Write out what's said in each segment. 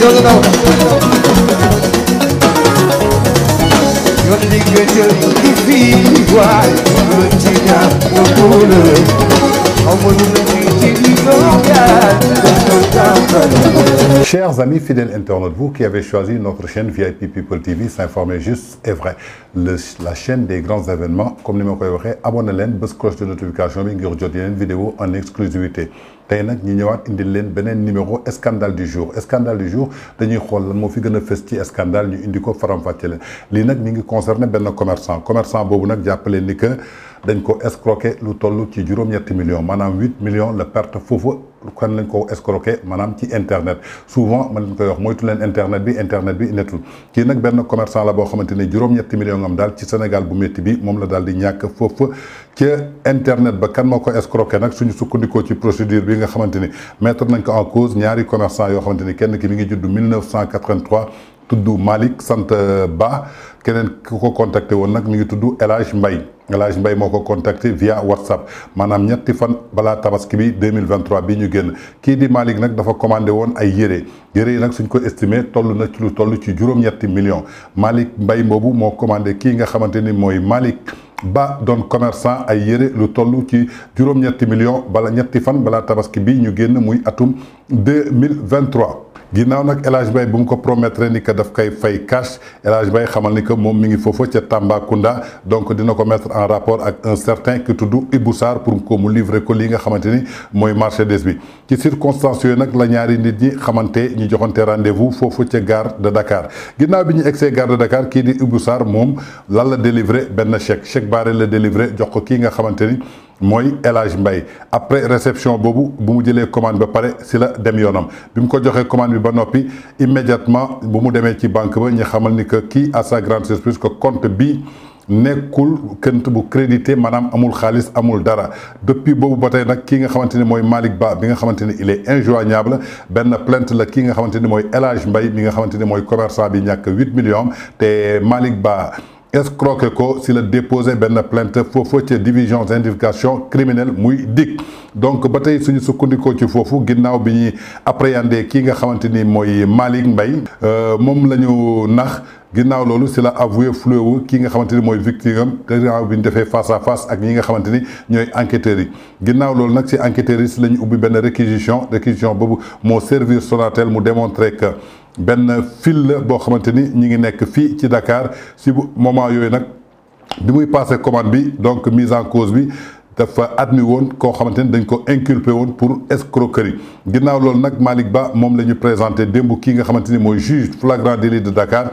going out. You're the good, you're the good, Chers amis fidèles internautes, vous qui avez choisi notre chaîne VIP People TV, s'informer juste et vrai, la chaîne des grands événements, comme ni ma abonnez abonnez-vous, cloche de notification bi ngir vidéo en exclusivité tey nag un numéro scandale du jour scandale du jour dañuy xool lan fi scandale ñu Indiko faram-fàcce le commerçant commerçant a appelé jàppale ni que escroqué lu qui ci 8 millions Maintenant, 8 millions la perte foofu kan lañ ko escroquer manam ci internet souvent man lañ koy wax moytu internet bi internet bi ki commerçant la bo xamanteni million am Sénégal bu metti bi mom la n'y di ñak fofu ci internet ba kan escroquer suñu ci procédure bi nga xamanteni mettre en cause ñaari commerçant yo xamanteni kenn ki mi ngi judd 1983 tuddu Malik sante keneen ko contacté contacté via WhatsApp maanaam ñetti fan bala tabaski bi 2023 bi ñu génn kii di Malik nag dafa commandé woon ay yére yére yi suñ ko estimé toll na ci lu ci ñetti millions malik Mbaye boobu moo commandé kii nga xamante ni ba doon commerçant ay yére lu toll ci bala ñetti fan bala tabaski bi ñu muy atum 2023 ginnaw nak elage bay bu ko promettre ni que daf kay fay cash elage bay xamal ni ko mom mi ngi foofu ca Tambacounda donc dina ko mettre en rapport ak un certain ki tudd Ibou pour ko mu livrer ko li nga xamanteni moy marchandise bi ci circonstances nak la ñaari nit ñi xamanté ñu joxonté rendez-vous fofu ci gare de Dakar ginnaw bi ñu gare de Dakar ki di Ibou mom la la délivrer ben chèque chèque barré la délivrer jox ko ki nga xamanteni moy elage Mbaye après réception Bobu, bu mu jëlee commande ba paré c'est la dem yonam bi ko joxé commande bi ba nopi immédiatement bu mu démé ci banque ba ñi xamal ni que ki à sa grande surprise que compte bi nekul kënt bu crédité manam amul Khalis amul dara depuis Bobu. batay nak ki nga xamante moy malik Ba bi nga xamante il est injoignable Ben plainte la ki nga xamante moy elage El Mbaye bi nga xamante moy commerçant bi ñak huit millions té Malik Ba croque ko si le déposé la plainte fofu ci division d'indication criminelle muy dit. donc batay tey suñu sukkandikoo ci fofu ginnaw bi ñuy appréhender kii nga xamanteni moy Malik Malick Mbaye euh, moom la ñu nax ginnaw lolu c'est la avoué flou wu nga xamanteni moy victime am ginnaaw face à face ak ñi nga xamanteni ñoy enquêteur yi ginnaw lolu nak ci enquêteur yi lañu la ñu ubbi benn réquisition réquisition boobu moo servir Sonatel mu démontrer que. Ben fil bo xamanteni ñi ngi nekk fi ci Dakar si moment yoy nak bi muy passer commande bi donc mise en cause bi dafa admis woon koo xamante dañ ko inculpé pour escroquerie ginaaw lool nak malik Ba mom lañu présenter dembu ki nga xamanteni moy juge flagrant délit de Dakar.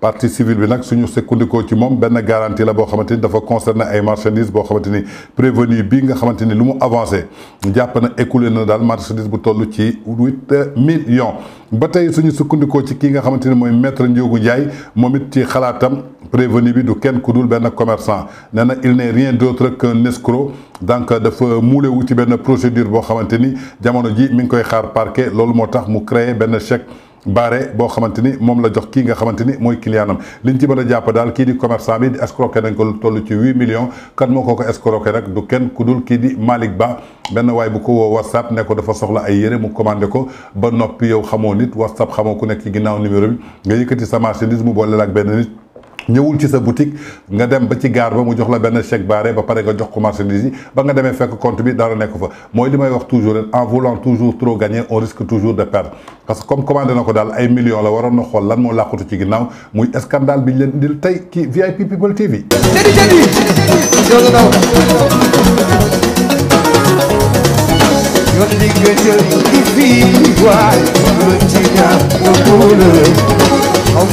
parti civil bi nak suñu sukkandikoo ci mom ben garantie la bo xamanteni dafa concerner ay marchandises bo xamanteni prévenu bi nga xamanteni ni lu mu avancé jàpp na écoulé na daal marchandise bu tollu ci 8 millions. ba tey suñu sukkandikoo ci ki nga xamanteni moy maître ndiogu Ndiaye momit ci khalatam prévenu bi du ken kudul ben commerçant nana il n'est rien d'autre qu'un escroc donc dafa moulé wu ci ben procédure bo xamanteni jamono ji mi ngi koy xaar parquet lolou motax mu créer ben chèque. baare boo xamante ni moom la jox kii nga xamante ni mooy clientam liñ ci mën a jàpp daal kii di commerçant bi di escroqué nañ ko lu toll ci huit millions kan moo ko ko escroqué nag du kenn ku dul kii di Malick Ba benn waay bu ko woo whatsapp ne ko dafa soxla ay yére mu commandé ko ba noppi yow xamoo nit whatsapp xamoo ku nekk ci ginnaaw numéro bi nga yëkkati sa marchandise mu boole la ak benn nit. ñëwul ci sa boutique nga dem ba ci gare ba mu jox la benn chèque barré ba pare nga jox ko marchandise yi ba nga demee fekk compte bi dara nekk fa mooy li may wax toujours en voulant toujours trop gagner on risque toujours de perdre parce que comme commandé na ko daal ay millions la waroon na xool lan moo làqutu ci ginnaaw muy scandale bi ñu leen indil tey ci VIP People TV.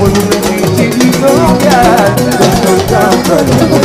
jërëjëf If you go, God, don't